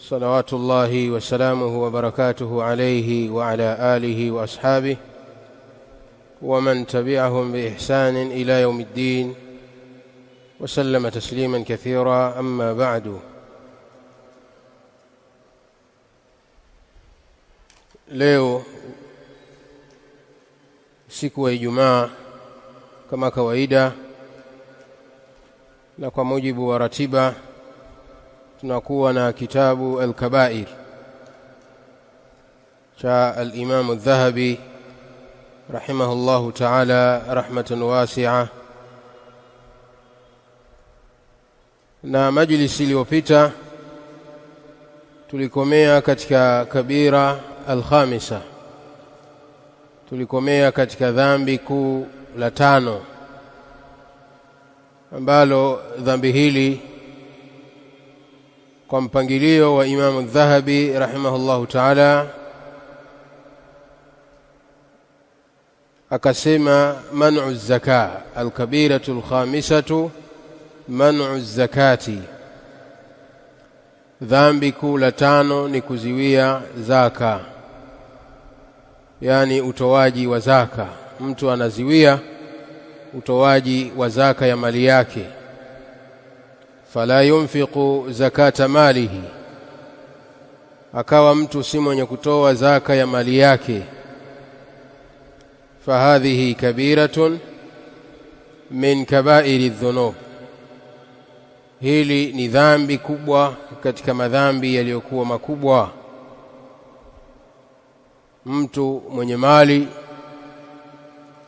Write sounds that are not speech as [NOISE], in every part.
صلوات الله وسلامه وبركاته عليه وعلى اله واصحابه ومن تبعهم باحسان الى يوم الدين وسلم تسليما كثيرا اما بعد ليو سكوى ya كما كوايدا لكم na kwa tunakuwa na kitabu al-kabair cha al-Imam al-Dhahabi rahimahullahu ta'ala rahmatan wasi'a na majlisi iliyopita tulikomea katika kabira al-khamisa tulikomea katika dhambi kuu la tano ambalo dhambi hili kwa mpangilio wa Imamu Dhahabi rahimahullahu taala, akasema man'u zaka alkabiratu alkhamisatu man'u zakati, dhambi kuu la tano ni kuziwia zaka, yani utoaji wa zaka. Mtu anaziwia utoaji wa zaka ya mali yake fala yunfiqu zakata malihi, akawa mtu si mwenye kutoa zaka ya mali yake. Fahadhihi kabiratun min kabairi dhunub, hili ni dhambi kubwa katika madhambi yaliyokuwa makubwa. Mtu mwenye mali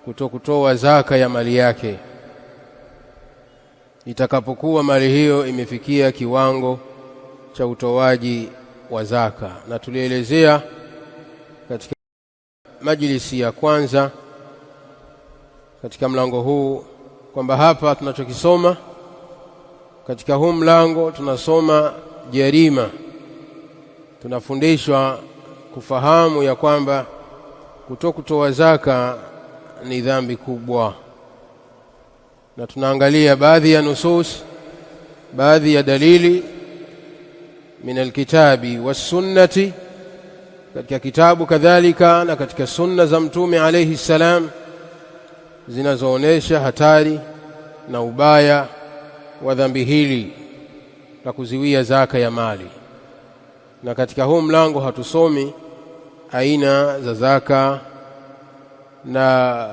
kutokutoa zaka ya mali yake itakapokuwa mali hiyo imefikia kiwango cha utoaji wa zaka. Na tulielezea katika majlisi ya kwanza katika mlango huu kwamba hapa tunachokisoma katika huu mlango tunasoma jarima, tunafundishwa kufahamu ya kwamba kutokutoa zaka ni dhambi kubwa na tunaangalia baadhi ya nusus, baadhi ya dalili min alkitabi wasunnati katika kitabu kadhalika na katika sunna za Mtume alayhi salam zinazoonyesha hatari na ubaya wa dhambi hili la kuziwia zaka ya mali. Na katika huu mlango hatusomi aina za zaka na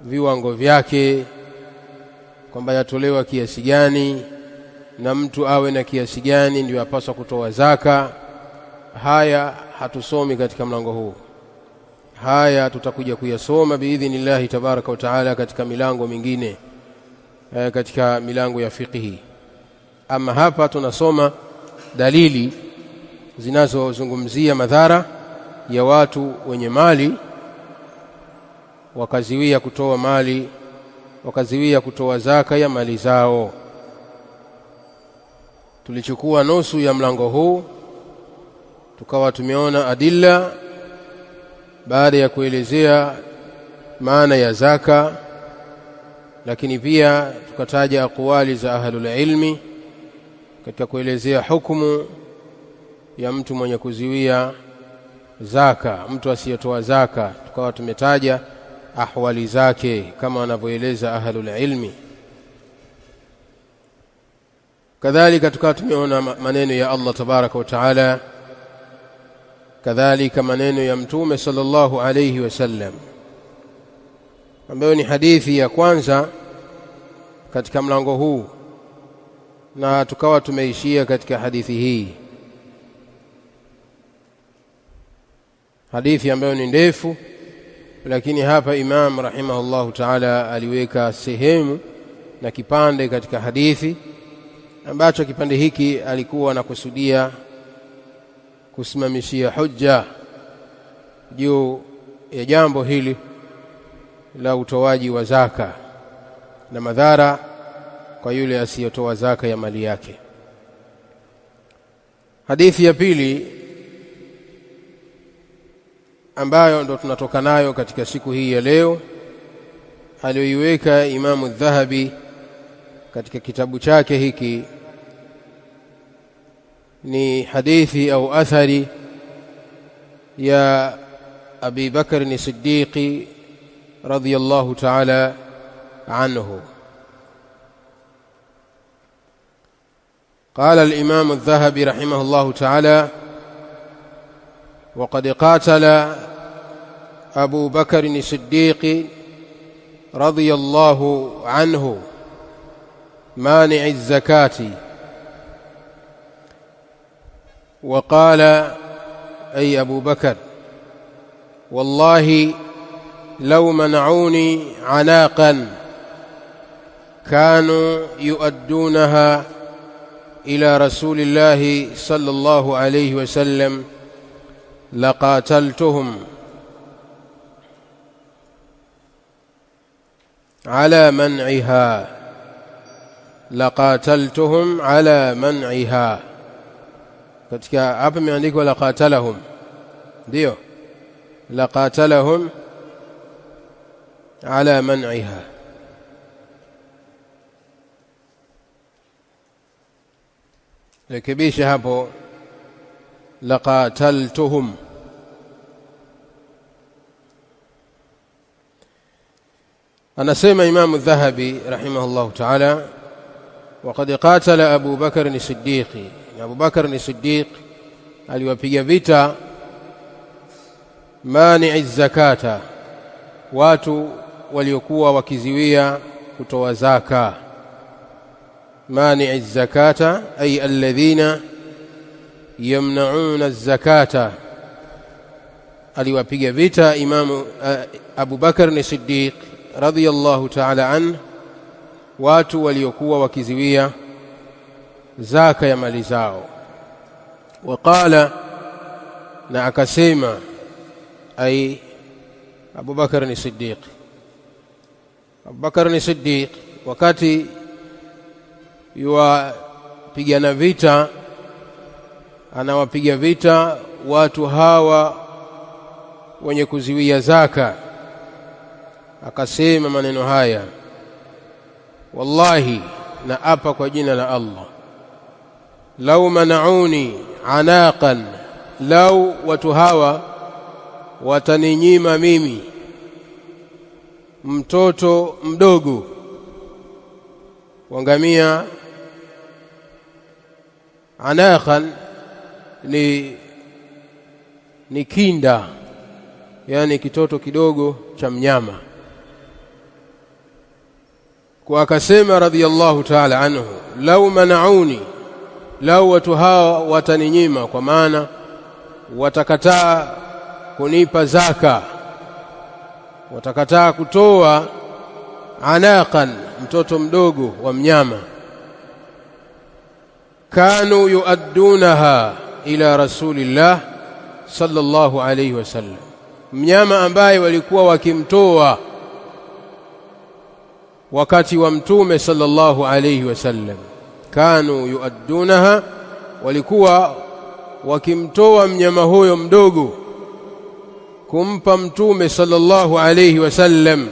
viwango vyake kwamba yatolewa kiasi gani na mtu awe na kiasi gani ndiyo apaswa kutoa zaka. Haya hatusomi katika mlango huu, haya tutakuja kuyasoma biidhnillah tabaraka wa taala katika milango mingine, eh, katika milango ya fiqhi. Ama hapa tunasoma dalili zinazozungumzia madhara ya watu wenye mali wakaziwia kutoa mali, wakaziwia kutoa zaka ya mali zao. Tulichukua nusu ya mlango huu, tukawa tumeona adilla baada ya kuelezea maana ya zaka, lakini pia tukataja aqwali za ahlul ilmi katika kuelezea hukumu ya mtu mwenye kuziwia zaka, mtu asiyetoa zaka, tukawa tumetaja ahwali zake kama wanavyoeleza ahlul ilmi kadhalika tukawa tumeona maneno ya Allah tabaraka wa taala kadhalika maneno ya mtume sallallahu alayhi wasallam ambayo ni hadithi ya kwanza katika mlango huu na tukawa tumeishia katika hadithi hii hadithi ambayo ni ndefu lakini hapa Imam rahimahullahu taala aliweka sehemu na kipande katika hadithi ambacho kipande hiki alikuwa anakusudia kusimamishia hujja juu ya jambo hili la utoaji wa zaka na madhara kwa yule asiyotoa zaka ya mali yake. Hadithi ya pili ambayo ndo tunatoka nayo katika siku hii ya leo aliyoiweka Imamu Dhahabi katika kitabu chake hiki ni hadithi au athari ya Abi Bakr ni Siddiqi radhiyallahu ta'ala anhu قال الإمام الذهبي رحمه الله تعالى وقد قاتل أبو بكر الصديق رضي الله عنه مانع الزكاة وقال أي أبو بكر والله لو منعوني عناقا كانوا يؤدونها إلى رسول الله صلى الله عليه وسلم لقاتلتهم على منعها لقاتلتهم على منعها katika hapa imeandikwa laqatalahum ndio laqatalahum ala man'iha rekebisha hapo laqataltuhum أنا سيما إمام الذهبي رحمه الله تعالى وقد قاتل أبو بكر الصديق أبو بكر الصديق قال وفي فيتا مانع الزكاة واتو وليكوا وكزوية كتوى زكاة مانع الزكاة أي الذين يمنعون الزكاة قال وفي فيتا إمام آه، أبو بكر الصديق radhiallahu ta'ala an watu waliokuwa wakiziwia zaka ya mali zao waqala na akasema ai Abubakar ni Siddiq Abubakar ni Siddiq wakati yuwapigana vita anawapiga vita watu hawa wenye kuziwia zaka akasema maneno haya, wallahi, na apa kwa jina la Allah, lau manauni anaqan, lau watu hawa wataninyima mimi mtoto mdogo wangamia. Anaqan ni, ni kinda, yani kitoto kidogo cha mnyama kwa akasema radhiyallahu ta'ala anhu, lau manauni, lau watu hawa wataninyima, kwa maana watakataa kunipa zaka, watakataa kutoa anaqan, mtoto mdogo wa mnyama, kanu yuaddunaha ila rasulillah sallallahu alayhi wasallam, mnyama ambaye walikuwa wakimtoa wakati wa Mtume sallallahu alayhi wasallam, kanu yuaddunaha, walikuwa wakimtoa mnyama huyo mdogo kumpa Mtume sallallahu alayhi wasallam,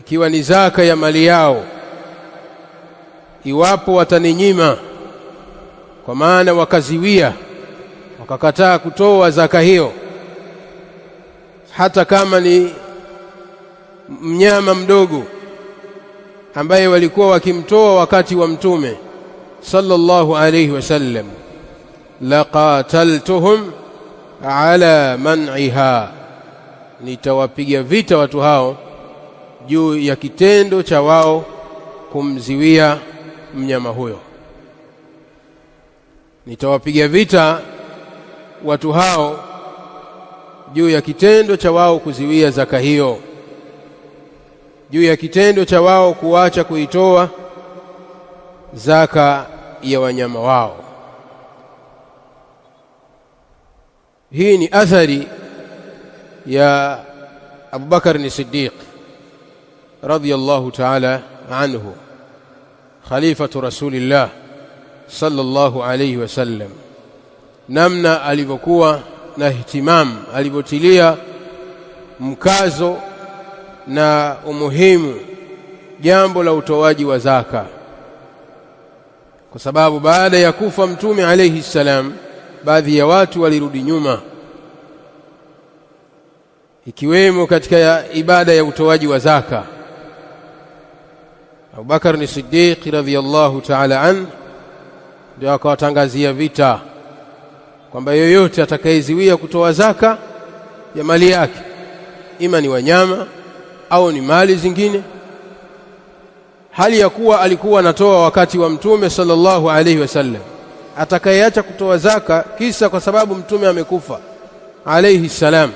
ikiwa ni zaka ya mali yao, iwapo wataninyima, kwa maana wakaziwia, wakakataa kutoa zaka hiyo, hata kama ni mnyama mdogo ambaye walikuwa wakimtoa wakati wa mtume sallallahu alayhi wasallam, laqataltuhum ala man'iha, nitawapiga vita watu hao juu ya kitendo cha wao kumziwia mnyama huyo. Nitawapiga vita watu hao juu ya kitendo cha wao kuziwia zaka hiyo juu ya kitendo cha wao kuacha kuitoa zaka ya wanyama wao. Hii ni athari ya Abubakar ni Siddiq radhiyallahu ta'ala anhu khalifatu rasulillah sallallahu alayhi wasallam, namna alivyokuwa na ihtimamu, alivyotilia mkazo na umuhimu jambo la utoaji wa zaka, kwa sababu baada ya kufa Mtume alayhi salam, baadhi ya watu walirudi nyuma, ikiwemo katika ibada ya utoaji wa zaka. Abubakar ni Siddiq radhiyallahu ta'ala an ndio akawatangazia vita kwamba yoyote atakayeziwia kutoa zaka ya mali yake, ima ni wanyama au ni mali zingine hali ya kuwa alikuwa anatoa wakati wa mtume sallallahu alaihi wasallam atakayeacha kutoa zaka kisa kwa sababu mtume amekufa alaihi salam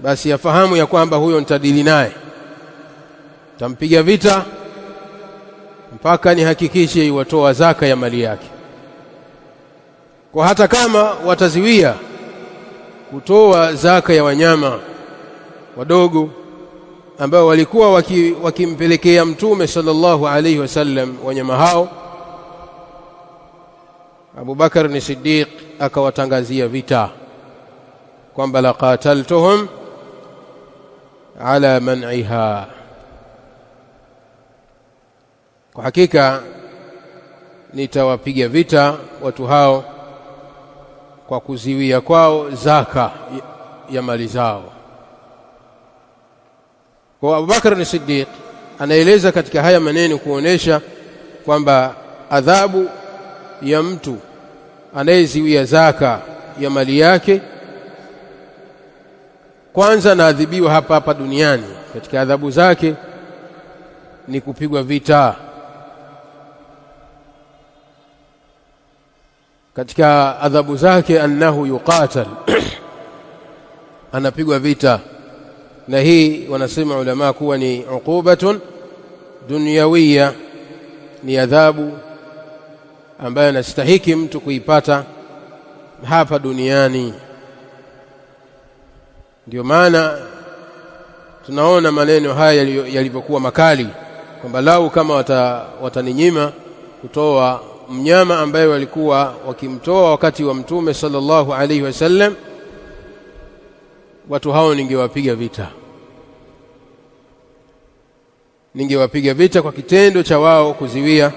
basi yafahamu ya kwamba huyo nitadili naye tampiga vita mpaka nihakikishe iwatoa zaka ya mali yake kwa hata kama wataziwia kutoa zaka ya wanyama wadogo ambao walikuwa wakimpelekea waki mtume sallallahu alayhi wasallam wanyama hao, Abubakar ni Siddiq akawatangazia vita kwamba la qataltuhum ala man'iha, kwa hakika nitawapiga vita watu hao kwa kuziwia kwao zaka ya mali zao. Kwa Abubakar ni Siddiq anaeleza katika haya maneno kuonesha kwamba adhabu ya mtu anayeziwia zaka ya mali yake kwanza anaadhibiwa hapa hapa duniani. Katika adhabu zake ni kupigwa vita. Katika adhabu zake annahu yuqatal, [CLEARS THROAT] anapigwa vita na hii wanasema ulama kuwa ni uqubatun dunyawiya, ni adhabu ambayo anastahiki mtu kuipata hapa duniani. Ndio maana tunaona maneno haya yalivyokuwa makali kwamba lau kama wata, wataninyima kutoa mnyama ambaye walikuwa wakimtoa wakati wa Mtume sallallahu alaihi wasallam watu hao ningewapiga vita, ningewapiga vita kwa kitendo cha wao kuziwia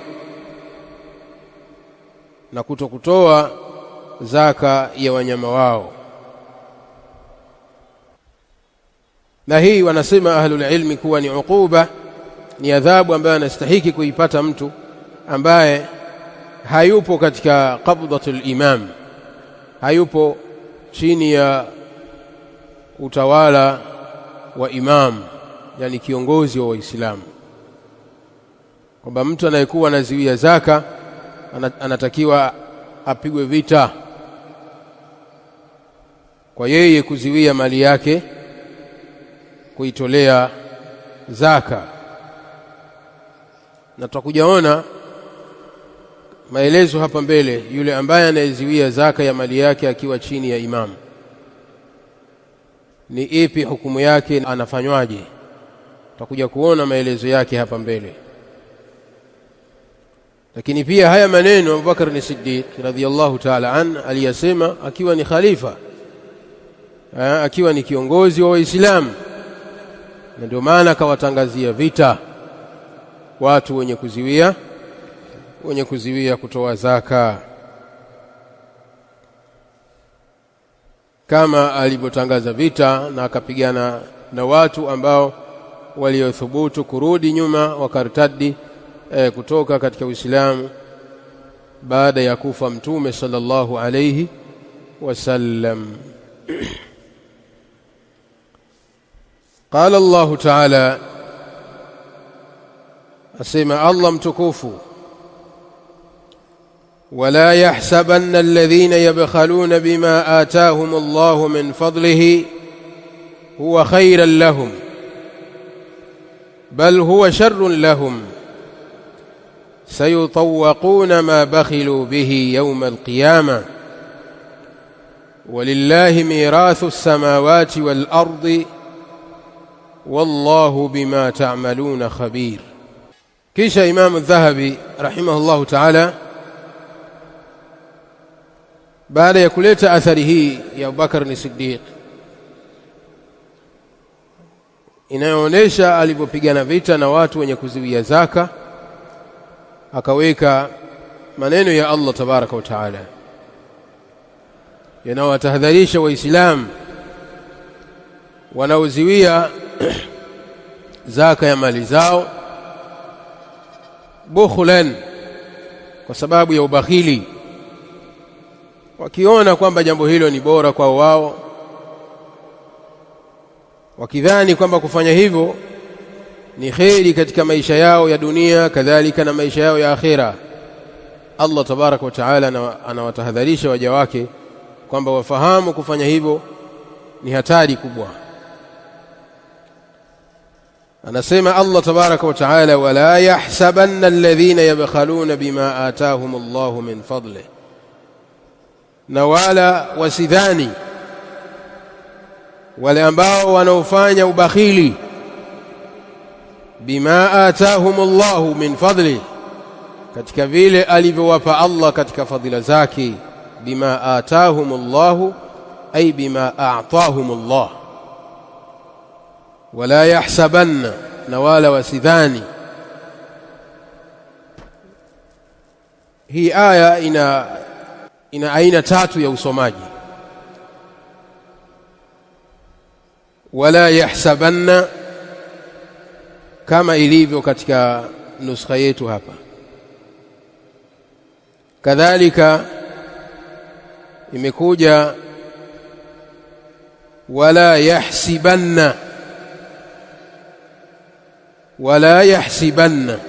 na kutokutoa zaka ya wanyama wao. Na hii wanasema ahlul ilmi kuwa ni ukuba, ni adhabu ambayo anastahiki kuipata mtu ambaye hayupo katika qabdatul imam, hayupo chini ya utawala wa imamu, yani kiongozi wa Waislamu, kwamba mtu anayekuwa anaziwia zaka anatakiwa apigwe vita kwa yeye kuziwia mali yake kuitolea zaka, na tutakujaona maelezo hapa mbele, yule ambaye anayeziwia zaka ya mali yake akiwa chini ya imamu ni ipi hukumu yake, anafanywaje? Tutakuja kuona maelezo yake hapa mbele. Lakini pia haya maneno Abubakar ni Siddiq radhiyallahu ta'ala an aliyasema akiwa ni khalifa ha, akiwa ni kiongozi wa Waislamu, na ndio maana akawatangazia vita watu wenye kuziwia wenye kuziwia kutoa zaka. kama alivyotangaza vita na akapigana na watu ambao waliothubutu kurudi nyuma wakartadi e, eh, kutoka katika Uislamu baada ya kufa Mtume sallallahu alayhi wasallam. [CLEARS THROAT] Qala الله taala, asema Allah mtukufu ولا يحسبن الذين يبخلون بما آتاهم الله من فضله هو خيرا لهم بل هو شر لهم سيطوقون ما بخلوا به يوم القيامة ولله ميراث السماوات والأرض والله بما تعملون خبير كيش إمام الذهبي رحمه الله تعالى Baada ya kuleta athari hii ya Abubakar ni Siddiq inayoonesha alivyopigana vita na watu wenye kuziwia zaka, akaweka maneno ya Allah tabaraka wa taala yanawatahadharisha Waislamu wanaoziwia [CLEARS THROAT] zaka ya mali zao bukhulan, kwa sababu ya ubakhili wakiona kwamba jambo hilo ni bora kwao wao, wakidhani kwamba kufanya hivyo ni kheri katika maisha yao ya dunia, kadhalika na maisha yao ya akhira Allah tabaraka wa taala anawatahadharisha waja wake kwamba wafahamu kufanya hivyo ni hatari kubwa. Anasema Allah tabaraka wa taala, wala yahsabanna alladhina yabkhaluna bima atahum Allahu min fadlihi na wasidhani wale ambao wanaofanya ubakhili bima atahumullahu min fadli katika vile alivyowapa Allah katika fadhila zake bima atahumullahu ay bima a'tahumullah wala yahsabanna na wala wasidhani hii aya ina ina aina tatu ya usomaji wala yahsabanna kama ilivyo katika nuskha yetu hapa kadhalika imekuja wala yahsibanna wala yahsibanna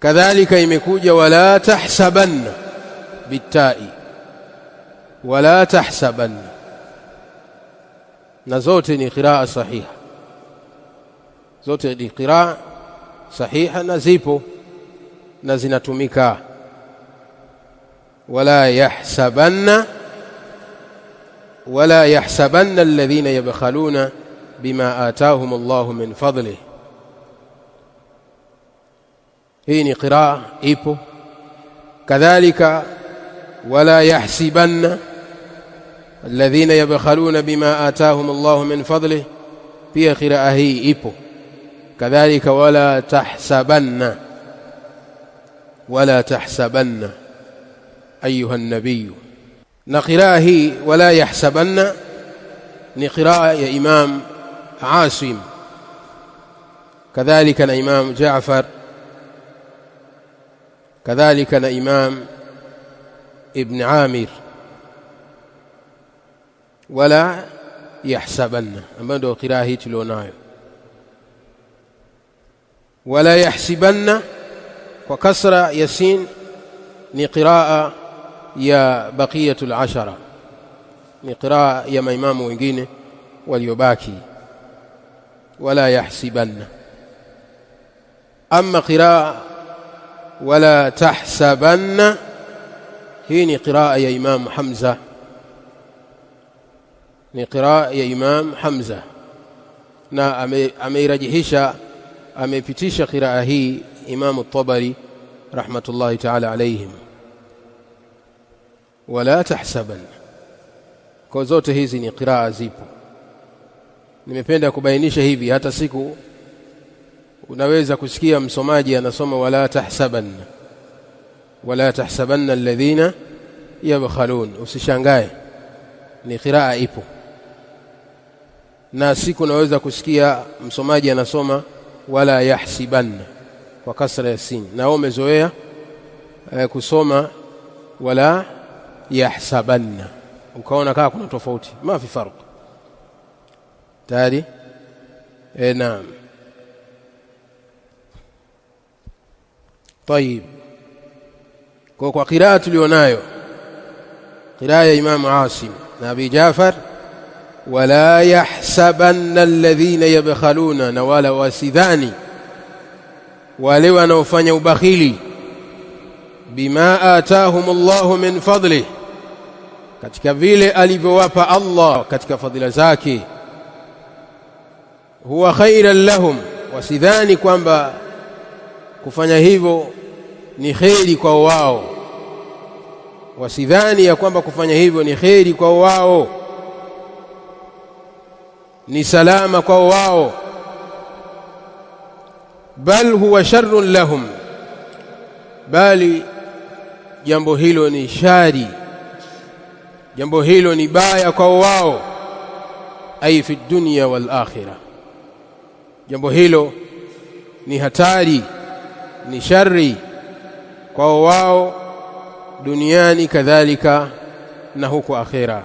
كذلك يمكوج ولا تحسبن بالتاء ولا تحسبن نزوتني يعني قراءة صحيحة زوتني يعني قراءة صحيحة نزيبو نزنة ميكا ولا يحسبن ولا يحسبن الذين يبخلون بما آتاهم الله من فضله hii ni qiraa ipo kadhalika wala yahsibanna alladhina yabkhaluna bima atahum Allah min fadlih pia qiraa hii ipo kadhalika wala tahsabanna wala tahsabanna ayuha nabiy na qiraa hii wala yahsabanna ni qiraa ya imam asim kadhalika na imam Jaafar كذلك الامام ابن عامر ولا يحسبن اما ده قراءه ولا يحسبن وكسر ياسين ني يا بقيه العشره ني يا امام wengine waliobaki ولا يحسبن اما قراءه ولا تحسبن هيني قراءة يا إمام حمزة ني قراءة يا إمام حمزة نا أمي رجهشا أمي فتيشا قراءة هي إمام الطبري رحمة الله تعالى عليهم ولا تحسبن كوزوت هزي ني قراءة زيبو نمي فيندا كباينيشا هيفي هتا سيكو unaweza kusikia msomaji anasoma wala tahsabanna wala tahsabanna alladhina yabkhalun usishangae ni qiraa ipo na siku unaweza kusikia msomaji anasoma wala yahsibanna kwa kasra ya sin na umezoea e, kusoma wala yahsabanna ukaona kama kuna tofauti ma fi farq tayari e, naam طيب وكو قراءه اليونايو قراءه امام عاصم نبي جعفر ولا يحسبن الذين يبخلون ولا واسذاني ولو انو فني بما اتاهم الله من فضله ketika vile alivyowapa الله katika فضل زاكي هو خير لهم wasidhani kwamba kufanya hivyo ni kheri kwa wao, wasidhani ya kwamba kufanya hivyo ni kheri kwa wao, ni salama kwa wao, bal huwa sharrun lahum, bali jambo hilo ni shari, jambo hilo ni baya kwa wao, ai fi dunya wal akhirah, jambo hilo ni hatari, ni shari kwao wao duniani kadhalika na huko akhera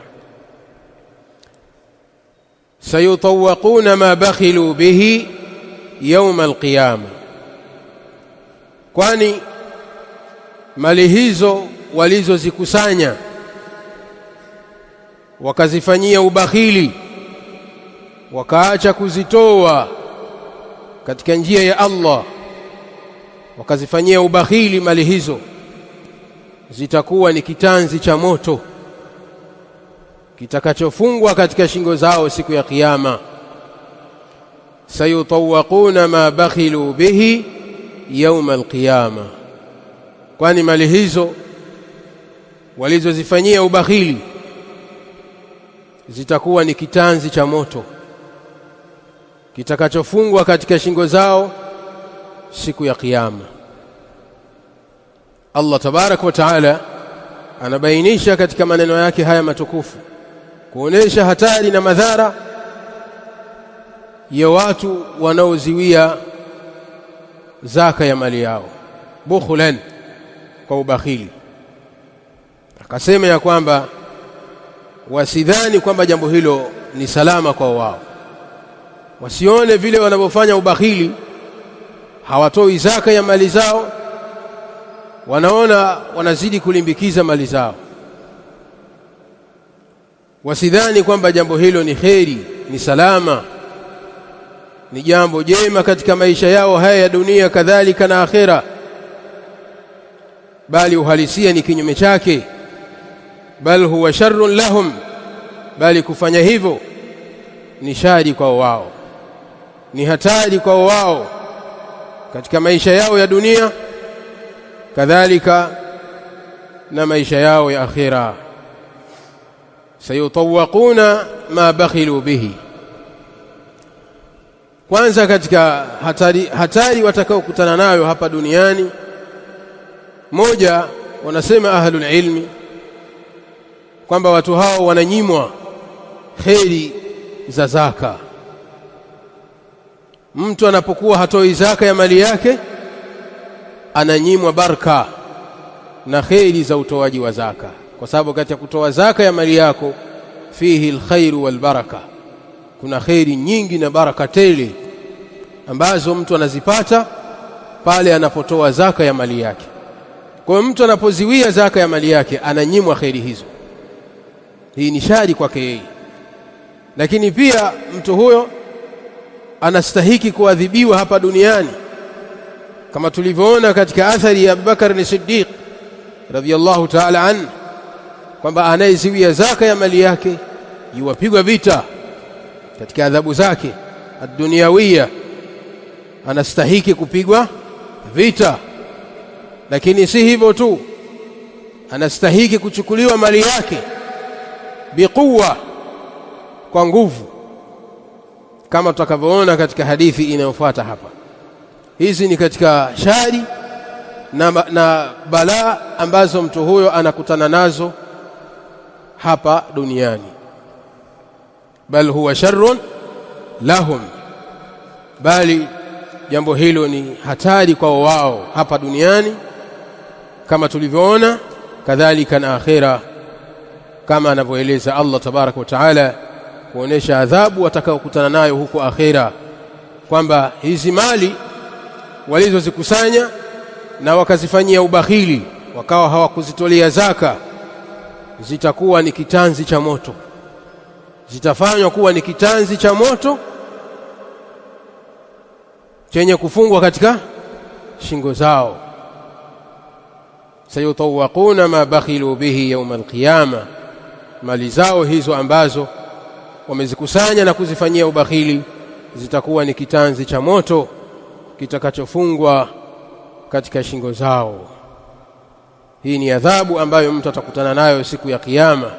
sayutawaquna ma bakhilu bihi yawma alqiyama kwani mali hizo walizozikusanya wakazifanyia ubakhili wakaacha kuzitoa katika njia ya Allah wakazifanyia ubahili mali hizo, zitakuwa ni kitanzi cha moto kitakachofungwa katika shingo zao siku ya Kiyama. sayutawaquna ma bakhilu bihi yauma alqiyama, kwani mali hizo walizozifanyia ubakhili zitakuwa ni kitanzi cha moto kitakachofungwa katika shingo zao siku ya Kiyama. Allah tabaraka wa taala anabainisha katika maneno yake haya matukufu kuonesha hatari na madhara ya watu wanaoziwia zaka ya mali yao, bukhulan, kwa ubakhili. Akasema ya kwamba wasidhani kwamba jambo hilo ni salama kwa wao, wasione vile wanavyofanya ubakhili hawatoi zaka ya mali zao, wanaona wanazidi kulimbikiza mali zao. Wasidhani kwamba jambo hilo ni kheri, ni salama, ni jambo jema katika maisha yao haya ya dunia, kadhalika na akhera, bali uhalisia ni kinyume chake, bal huwa sharrun lahum, bali kufanya hivyo ni shari kwa wao, ni hatari kwa wao katika maisha yao ya dunia, kadhalika na maisha yao ya akhira. Sayutawakuna ma bakhilu bihi, kwanza katika hatari, hatari watakaokutana nayo hapa duniani. Moja, wanasema ahlul ilmi kwamba watu hao wananyimwa kheri za zaka mtu anapokuwa hatoi zaka ya mali yake ananyimwa baraka na kheri za utoaji wa zaka, kwa sababu kati ya kutoa zaka ya mali yako fihi alkhairu walbaraka, kuna kheri nyingi na baraka tele ambazo mtu anazipata pale anapotoa zaka ya mali yake. Kwa hiyo mtu anapoziwia zaka ya mali yake ananyimwa kheri hizo. Hii ni shari kwake yeye, lakini pia mtu huyo anastahiki kuadhibiwa hapa duniani, kama tulivyoona katika athari ya Abubakar ni Siddiq radhiyallahu ta'ala an kwamba anayeziwia zaka ya mali yake yuwapigwa vita katika adhabu zake ad anastahiki kupigwa vita. Lakini si hivyo tu, anastahiki kuchukuliwa mali yake biquwa, kwa nguvu kama tutakavyoona katika hadithi inayofuata hapa. Hizi ni katika shari na, na balaa ambazo mtu huyo anakutana nazo hapa duniani. Bal huwa sharrun lahum, bali jambo hilo ni hatari kwa wao hapa duniani, kama tulivyoona, kadhalika na akhera, kama anavyoeleza Allah tabaraka wa taala kuonesha adhabu watakayokutana nayo huko akhera, kwamba hizi mali walizozikusanya na wakazifanyia ubakhili, wakawa hawakuzitolea zaka, zitakuwa ni kitanzi cha moto, zitafanywa kuwa ni kitanzi cha moto chenye kufungwa katika shingo zao. sayutawaquna ma bakhilu bihi yauma alqiyama, mali zao hizo ambazo wamezikusanya na kuzifanyia ubakhili, zitakuwa ni kitanzi cha moto kitakachofungwa katika shingo zao. Hii ni adhabu ambayo mtu atakutana nayo siku ya Kiyama.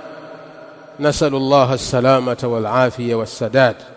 Nasalu llaha assalamata walafiya wassadad.